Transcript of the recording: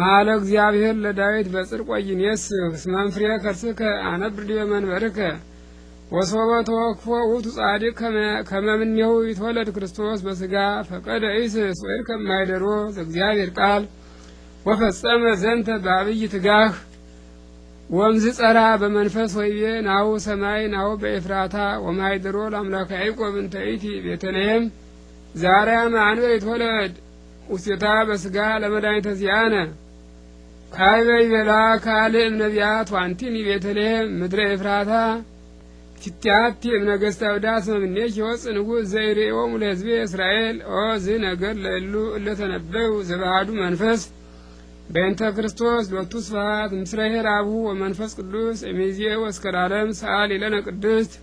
ማለ እግዚአብሔር ለዳዊት በጽር ቆይኔስ ስመንፍሬ ከርስከ አነብርድ በመንበርከ ወሶበ ተወክፎ ውቱ ጻድቅ ከመምኔው ይትወለድ ክርስቶስ በስጋ ፈቀደ ኢስስ ወይር ከማይደሮ ዘእግዚአብሔር ቃል ወፈጸመ ዘንተ በአብይ ትጋህ ወምዝ ጸራ በመንፈስ ወይቤ ናሁ ሰማይ ናሁ በኤፍራታ ወማይደሮ ለአምላካ ያዕቆብ እንተ ይእቲ ቤተልሔም ዛርያ ማንበ ይትወለድ ውስቴታ በስጋ ለመድኃኒተ ዚያነ ካይበይ በላ ካል እምነቢያት ዋንቲኒ ቤተልሔም ምድረ ኤፍራታ ቲትያቲ እምነገስተ አብዳ እስመ እምኔኪ ይወፅእ ንጉሥ ዘይርእዮሙ ለሕዝቤ እስራኤል ኦ ዝ ነገር ለእሉ እለ ተነበዩ መንፈስ በእንተ ክርስቶስ ሎቱ ስፋት ምስለ ሄር ወመንፈስ ቅዱስ እምይእዜሰ ወእስከ ለዓለም ሰአሊ ለነ ቅድስት